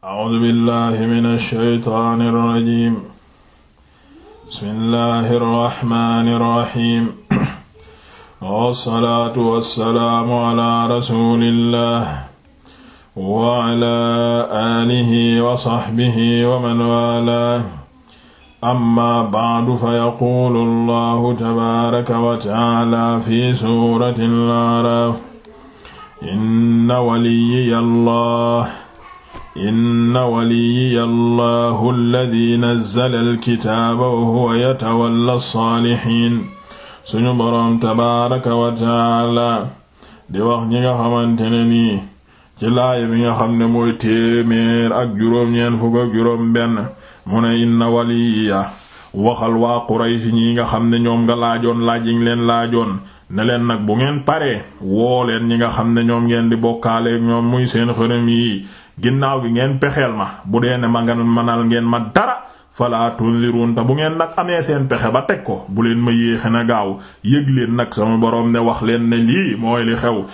A'uuzu billaahi mina shaytaani rajiim. Bismillaahi rahmaani rahiim. Wa salaatu wa salaamu ala rasuulillaah wa ala aalihi wa sahbihi wa man waalaah. Amma ba'du fa yaquulu Allaahu tabaaraka wa ta'aalaa fi suuratil A'raaf: inna waliyyiya Allaah inna waliya allahu alladi nazzala alkitaaba wa huwa yatawalla alsaalihiin suñu di wax ñi nga xamante ne nii nga xam ne mooy téeméer ak juróom-ñeen fukk ak nga xam ne ñoom nga laaj yi leen laajoon ne leen nag bu ngeen paree woo leen ñi nga xam ne ñoom ngeen di bokkaale ñoom muy seen xërëm yi ginnaaw gi ngeen pexeel ma bu dee ne ma ngeen manal ngeen ma dara fala tunzirun ta bu ngeen nag amee seen pexe ba teg ko bu leen ma yéexe na gaaw yëg leen nag sama boroom ne wax leen ne lii mooy li xew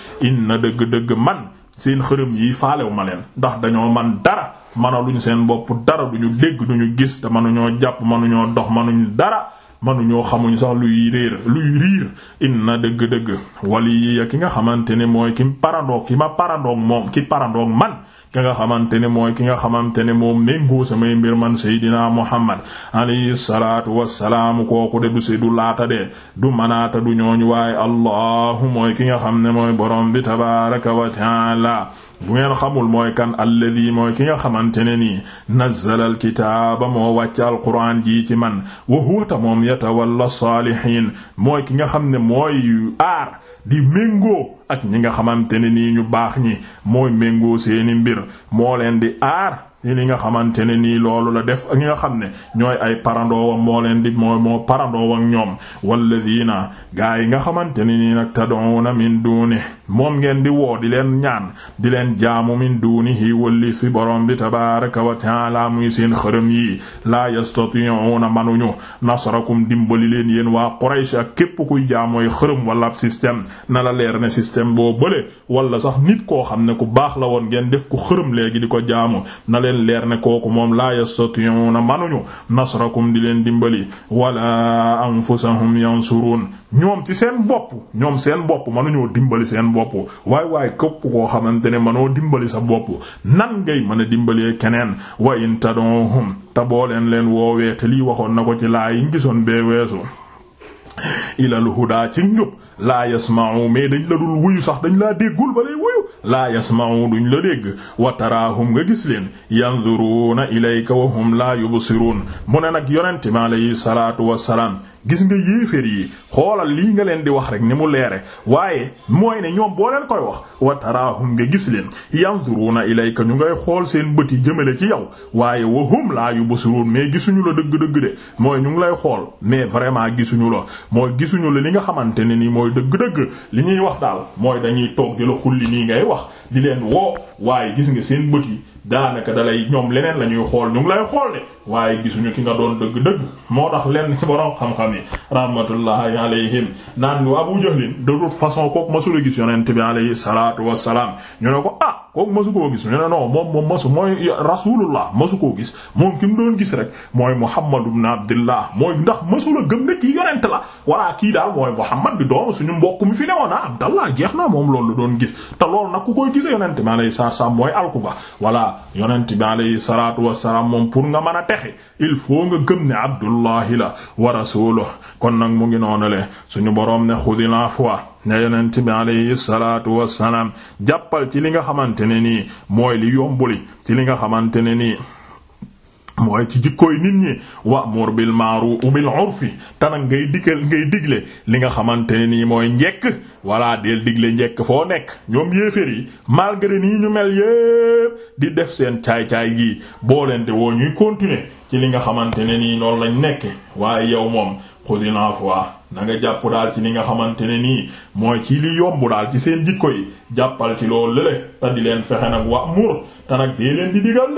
na dëgg-dëgg man seen xërëm yi faalew ma leen ndax dañoo man dara mënaluñ seen bopp dara duñu dégg duñu gis te mënuñoo jàpp mënuñoo dox mënuñ dara manuñoo xamuñ sax luy réer luy riir inna dëgg-dëgg wali ki nga xamante ne mooy ki parandoog ki ma parandoog moom ki parandoog man ki nga xamante ne mooy ki nga xamante ne moom méngoo samay mbir man seydinaa muhammad alayhi salaatu wassalaam kooku de du si du laata de du manaata du ñooñu waaye allahu mooy ki nga xam ne mooy borom bi tabaraka wa taala ngeen xamul mooy kan alladi mooy ki nga xamante ne nii nazzala alkitaaba mo wàcc alquraan ji ci man wa huwa moom yatawalla saalihiin mooy ki nga xam ne mooy aar di méngoo ak ñi nga xamante ne nii ñu baax ñi mooy méngoo seeni mbir moo leen di aar ni li nga xamante ne nii loolu la def ak ñi nga xam ne ñooy ay parandoowam moo leen di moo moo parandoo ak ñoom walladina gaa yi nga xamante ne nii nag tad'una min duni moom ngeen di woo di leen ñaan di leen jaamu min dunihi walli fi borom bi tabaraka wa taala muy seen xërëm yi la yastati'una manuñu nasrakum dimbali leen yéen waa Quraysh ak képp kuy jaamooy xërëm wala ab système na la leer ne système boo bële wala sax nit koo xam ne ku baax la woon ngeen def ku xërëm léegi di ko jaamu leen leer ne kooku moom laa yastati'una manuñu nasrakum di leen dimbali wala anfusahum yansurun ñoom ci seen bopp ñoom seen bopp manuñoo dimbali seen bopp waay waay képp koo xamante ne manoo dimbali sa bopp nan ngay mën a dimbalee keneen wa in tad'uhum te boo leen leen woowee te lii waxoon na ko ci laa yi gisoon bee weesu ilal huda ci njub laa yasma'u mais dañ la dul wuyu sax dañ laa déggul ba lay wuyu laa yasma'u duñ la dégg wa taraahum nga gis leen yanzuruuna ilayka wa hum laa yubsiruun mu ne nag yonente mi alayhi salaatu wassalaam gis nga yéeféer yi xoolal lii nga leen di wax rek ni mu leere waaye mooy ne ñoom boo leen koy wax wa taraahum nga gis leen yantu na yanzuruna ko ñu ngay xool seen bët yi jëmale ci yow waaye laa hum laa yubsirun mais gisuñu la dëgg-dëgg de mooy ñu ngi lay xool mais vraiment gisuñu la mooy gisuñu la li nga xamante ne ni mooy dëgg-dëgg li ñuy wax daal mooy dañuy toog di la xulli nii ngay wax di leen woo waaye gis nga seen bët yi daanaka dalay ñoom leneen la ñuy xool ñu lay xool de waaye gisuñu ki nga doon dëgg-dëgg moo tax lenn ci borom xam-xam yi rahmatullahi alayhim naan wa Abu façon kooku masula gis yonent bi alayhi salaatu ne ko ah kooku masu koo gis ñu ne non moom moom masu mooy rasulullah masu koo gis moom ki doon gis rek mooy Muhammad ibn Abdullah mooy ndax masula gëm ne kii yonent la walla kii daal mooy Muhammad bi doon suñu mbokk mi fi newoon ah Abdallah jeex na moom loolu la doon gis te loolu nag ku koy gise yonent bi alayhi salaatu mooy alku yonent bi alayhi salaatu wassalaam moom pour nga mën a texe il faut nga gëm ne abdullahi la wa rasuluh kon nag mu ngi noonu le suñu boroom ne xudil afwa ne yonent bi alayhi salaatu wassalaam jàppal ci li nga xamante ne nii mooy li yombuli ci li nga xamante ne nii mooy ci jikkooy nit ñi wa'mur bil ma'ruf bil urfi te nag ngay digal ngay digle li nga xamante ne nii mooy njekk walla deel digle njekk foo nekk ñoom yéeféer yi malgré nii ñu mel yépp di def seen caay-caay gi boo leen woo ñuy continuer ci li nga xamante ne nii noonu lañ nekk waaye yow moom xudil afwa ah, na jàpp daal ci li nga xamante ne nii mooy ci li yomb daal ci seen jikko yi jàppal ci loolu lële te di leen fexe nag wa'mur te nag dee leen di digal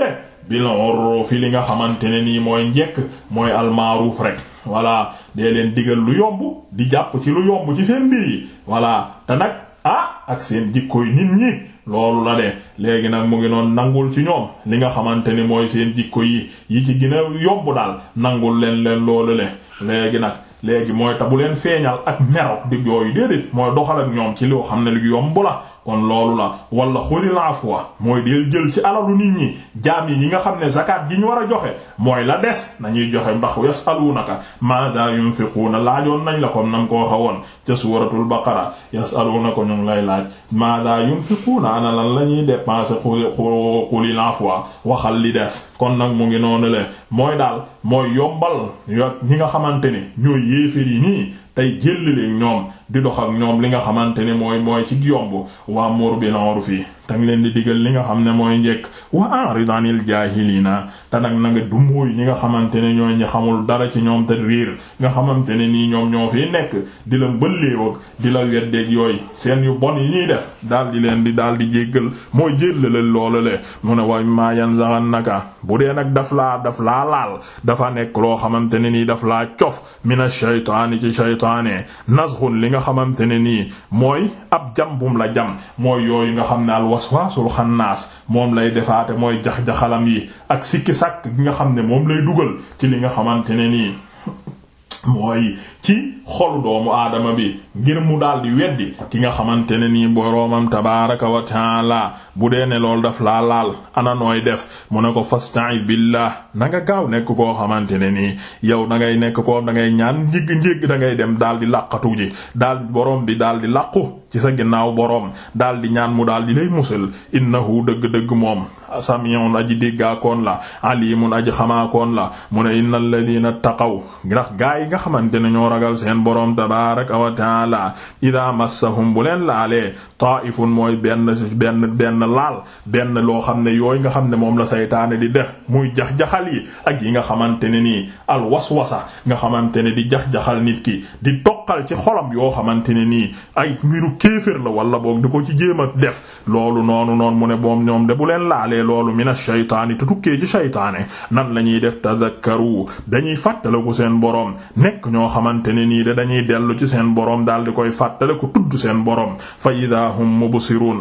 bil urfi li nga xamante ne nii mooy njekk mooy almaaruuf rek voilà dee leen digal lu yomb di jàpp ci lu yomb ci seen mbir yi voilà te nag ah ak seen jikkoy nit ñi loolu la de léegi nag mu ngi noon nangul ci ñoom li nga xamante ni mooy seen jikko yi yi ci gën a yomb daal nangul leen leen loolu le léegi nag léegi mooy ta bu leen feeñal ak merok di yooyu déedéet mooy doxal ak ñoom ci loo xam ne lu yomb la kon loolu la wala xulil afwa mooy deel jël ci alalu nit ñi jaam yi ñi nga xam ne zakat gi ñu war a joxe mooy la des nañuy joxe ndax yasalunaka maada yunfiquuna laajoon nañ la comme nam ko waxoon ca suuratul baqara na ko ngi lay laaj maada yunfiquuna ana lan la ñuy dépenser xulil afwa waxal li des kon nag mu ngi noonu le mooy daal mooy yombal ñi nga xamante ne ñooy yéefér yi nii tey jël leen ñoom di dox ak ñoom li nga xamante ne mooy mooy ci yomb waa mur bi nooru fii tang leen di digal li nga xam ne mooy njekk wa aridanil jaahiliina te nag na nga dumóoy ñi nga xamante ne ñooy ñi xamul dara ci ñoom te riir nga xamante ne nii ñoom ñoo fiy nekk di la mbëlleewag di la weddeeg yooyu seen yu bon yi ñuy def daal di leen di daal di jéggal mooy jéllalal loolu le mu ne way maa yanzaghannaka bu dee nag daf laa daf laa laal dafa nekk loo xamante ne nii daf laa cof mina shaytaani ci shaytaane nasxun nga xamante ne nii mooy ab jam bum la jam mooy yooyu nga xam ne al waswasul moom lay defaate mooy jax-jaxalam yi ak sikki sàkk gi nga xam ne moom lay dugal ci li nga xamante ne nii mooy ci xolu doomu aadama bi ngir mu daal di weddi ki nga xamante ne nii boroomam tabaaraka wa taala bu dee ne loolu daf laa laal ana nooy def mu ne ko fasta'id billah na nga gaaw nekk koo xamante ne nii yow da ngay nekk koo da ngay ñaan njëgg njëgg da ngay dem daal di laqatu ji daal boroom bi daal di laqu ci sa ginnaaw boroom daal di ñaan mu daal di lay musal innahu dëgg-dëgg moom samion aji déggaakoon la alimun aji xamaakoon la mu ne innal ladina taqaw ndax gaa yi nga magal seen boroom tabaaraka wa taala idaa massahum bu leen laalee taa'ifun mooy benn benn laal benn loo xam ne yooyu nga xam ne moom la saytaane di def muy jax-jaxal yi ak yi nga xamante ne nii al waswasa nga xamante ne di jax-jaxal nit ki di toq yokkal ci xolam yoo xamante ne nii ay mbiru kéefër la walla boog di ko ci jéem a def loolu noonu noonu mu ne boom ñoom de bu leen laalee loolu mina shaytaani te tukkee ci shaytaane nan la ñuy def tazakkaru dañuy fàttaliku seen boroom nekk ñoo xamante ne nii de dañuy dellu ci seen boroom daal di koy fàttaliku tudd seen boroom fa idaa hum mubsirun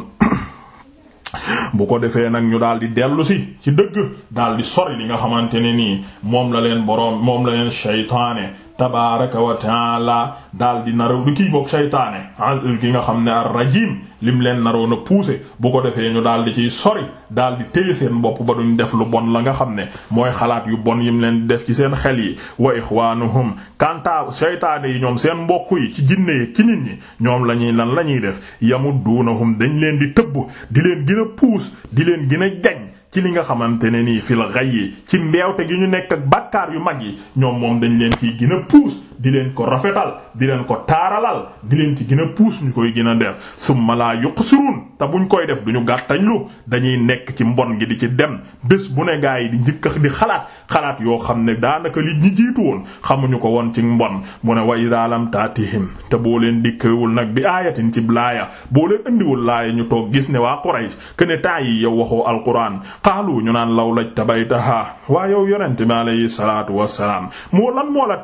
bu ko defee nag ñu daal di dellu si ci dëgg dal di sori li nga xamante ne nii moom la leen boroom moom la leen shaytaane tabaaraka wa taala daal di naroon du kii boog saytaane en ki nga xam ne ar rajim lim leen naroon a pousser bu ko defee ñu daal di ciy sori daal di téye seen bopp ba duñ def lu bon la nga xam ne mooy xalaat yu bon yim leen di def ci seen xel yi wa ixwaanuhum kanta saytaane yi ñoom seen mbokk yi ci jinne yi ci nit ñi ñoom la ñuy lan la ñuy def yamudduunahum dañ leen di tëbb di leen gën a puus di leen gën a jañ ci li nga xamante ne nii fil yi ci mbeewte gi ñu nekk ak bakkaar yu mag yi ñoom moom dañu leen ciy gën a puus di leen ko rafetal di leen ko taaralal di leen ci gën a puus ñu koy gën a def summa laa yuqsirun te buñ koy def du ñu duñu gàttañlu dañuy nekk ci mbon gi di ci dem bés bu ne gaa yi di njëkk di xalaat xalaat yoo xam ne daanaka li ñu jiitu woon xamuñu ko woon ci mbon mu ne wa idha lam te boo leen dikkewul nag bi aayatin ci laaya boo leen indiwul laaya ñu toog gis ne waa Quraysh kene taa yi yow waxoo alquran qaalu ñu naan law laj tabaytaha waa yow yonente bi alayhi salaatu wassalaam moo lan moo la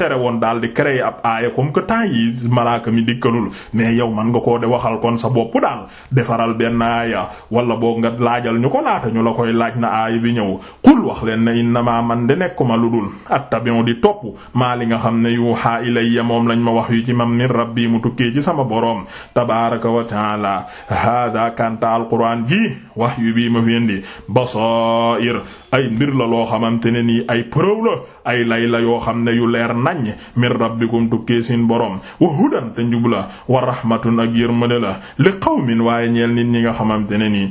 daal créé ab aaya comme que temps yi malaaka mi dikkalul mais yow man nga koo de waxal kon sa bopp daal defaral benn aaya wala boog nga laajal ñu ko laata ñu la koy laaj na aaya bi ñëw qul wax leen ne innama man de nekkuma lu dul attabi'u di topp maa li nga xam ne yuha ilayya moom lañ ma wax yu ci mam min rabbi mu tukkee ci sama boroom tabaraka wa taala hada kanta alquran gi wax yu bi ma fi indi basair ay mbir la loo xamante ne nii ay preuve la ay lay la yoo xam ne yu leer naññ min rabbikum tukkee seen borom wa hudan te njub la wa ak yërmande la li qawmin waaye ñeel nit ñi nga xamante ne nii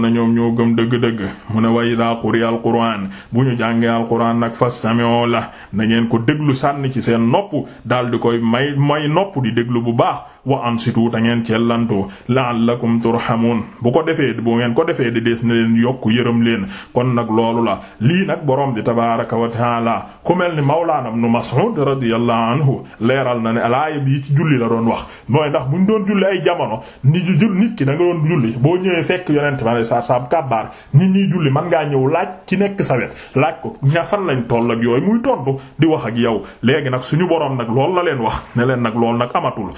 na ñoom ñoo gëm dëgg-dëgg mu ne wa idaa quriya alquraan bu ñu jàngee alquraan nag fastami'u la na ngeen ko déglu sànni ci seen nopp daal di koy may may nopp di déglu bu baax wa ansitu ta ngeen cellantu la'allakum turhamun bu ko defee bu ngeen ko defee di des na leen yokku yërëm leen kon nag loolu la lii nag borom di tabaraka wa taala ku mel ni mawlaana ibn Mas'ud radiyallahu anhu leeral na ne laaya bi ci julli la doon wax mooy ndax buñ doon julli ay jamono ni ju nit ki da nga doon julli boo ñëwee fekk yonent ma ne sa sa kabbaar nit ñiy julli man ngaa ñëw laaj ci nekk sa wet laaj ko ña fan lañ toll ak yooyu muy tontu di wax ak yow léegi nag suñu borom nag loolu la leen wax ne leen nag loolu nag amatul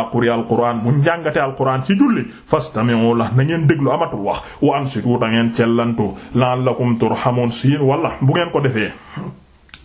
idaa quriya alquraan bu njàngate alquraan ci julli fastami'u la na ngeen déglu amatul wax wa ansitu da ngeen cellantu la'allakum turhamun siin wala bu ngeen ko defee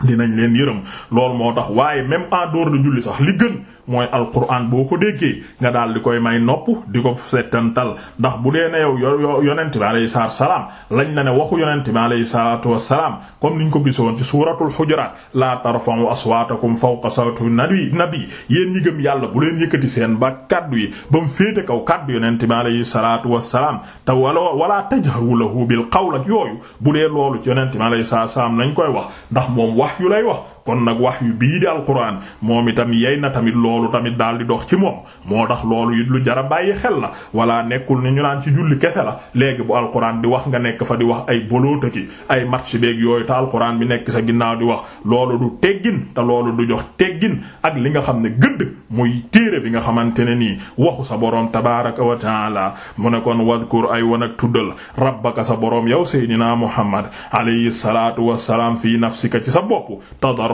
dinañ leen yërëm lool moo tax waaye même en dehors de julli sax li gën mooy alquran boo ko déggee nga daal di koy may nopp di ko settantal ndax bu dee ne yow yonent bi alayhi salaatu wasalaam lañ na ne waxu yonent bi alayhi salaatu wasalaam comme niñ ko gisoon ci suuratul xujuraat laa tarfa'u aswaatakum fawqa sawti nabi nabi yéen ñi gëm yàlla bu leen yëkkati seen ba kaddu yi ba mu féete kaw kaddu yonent bi alayhi salaatu wasalaam te wala walaa tajharu lahu bil qawl ak yooyu bu dee loolu ci yonent bi alayhi salaatu wasalaam lañ koy wax ndax moom wax yu lay wax kon nag wax yu bii di alquran moom itam yey na tamit loolu tamit daal di dox ci moom moo tax loolu it lu jara bàyyi xel la walla nekkul ni ñu naan ci julli kese la léegi bu alquran di wax nga nekk fa di wax ay boloota ki ay match beeg yooyu te alquran bi nekk sa ginnaaw di wax loolu du teggin te loolu du jox teggin ak li nga xam ne gëdd muy téere bi nga xamante ne nii waxu sa boroom tabaraka wa taala mu ne kon wadkur ay wan ak tuddal rabbaka sa boroom yow seydinaa muhammad alayhi salaatu wassalaam fi nafsika ci sa bopp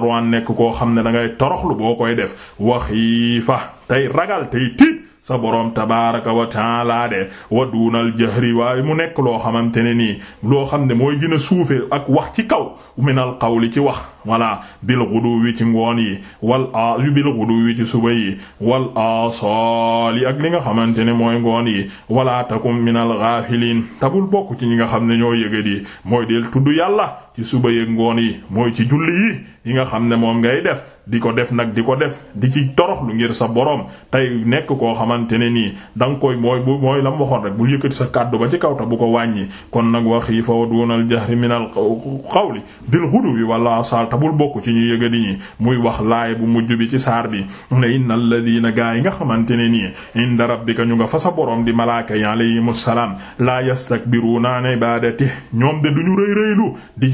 tarwaan nekk koo xam ne da ngay toroxlu boo koy def waxiifa tey ragal tey ti sa boroom tabaraka wa taala de wa duunal jahri waaye mu nekk loo xamante ne nii loo xam ne mooy gën suufe ak wax ci kaw minal qawli ci wax wala bil ghuduwi ci ngoon yi wal a bil ghuduwi ci suba yi wal asali ak li nga xamante ne mooy ngoon yi wala takum minal ghafilin tabul bokk ci ñi nga xam ne ñoo yëga di mooy del tudd yàlla ci suba yeeg ngoon yi mooy ci julli yi yi nga xam ne moom ngay def di ko def nag di ko def di ci torox lu ngir sa borom tey nekk koo xamante ne nii da nga koy mooy bu mooy lam waxoon rek bul yëkkati sa kàddu ba ci kaw ta bu ko wàññi kon nag wax yi fa dunal jahri minal xawli bil xudu bi wala asal ta bul bokk ci ñu yëgadi ñi muy wax laay bu mujj bi ci saar bi ne innal ladina gaa yi nga xamante ne nii inda rabbika ñu nga fa sa borom di malaaka yi alayhimus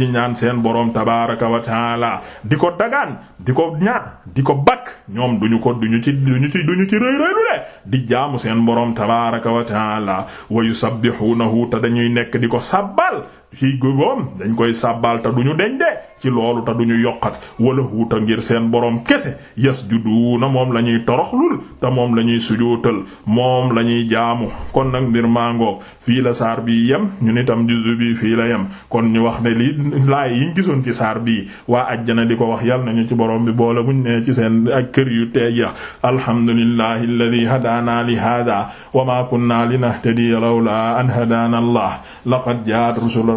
di ñaan seen boroom tabaaraka wa taala di ko dagaan di ko ñaan di ko bakk ñoom duñu ko duñu ci duñu ci duñu ci rëy rëylu di jaamu seen boroom tabaaraka wa taala wa yusabbihunahu te dañuy nekk di ko sabbal ci góoboom dañ koy sàbbaal te du ñu deñ de ci loolu te du ñu yokkat wala huuta ngir seen boroom kese yas juddu na moom la ñuy toroxlul te moom la ñuy sujootal moom la ñuy jaamu kon nag mbir mangoog fii saar bi yem ñun itam juzu bi fii la yem kon ñu wax ne li laay yiñ gisoon ci saar bi waa ajjana di ko wax yal nañu ci boroom bi boole buñ ne ci seen ak kër yu teej ya alhamdulillahi alladhi li hada wa ma kunna linahtadiya lawla an hadaana allah laqad jaat rusul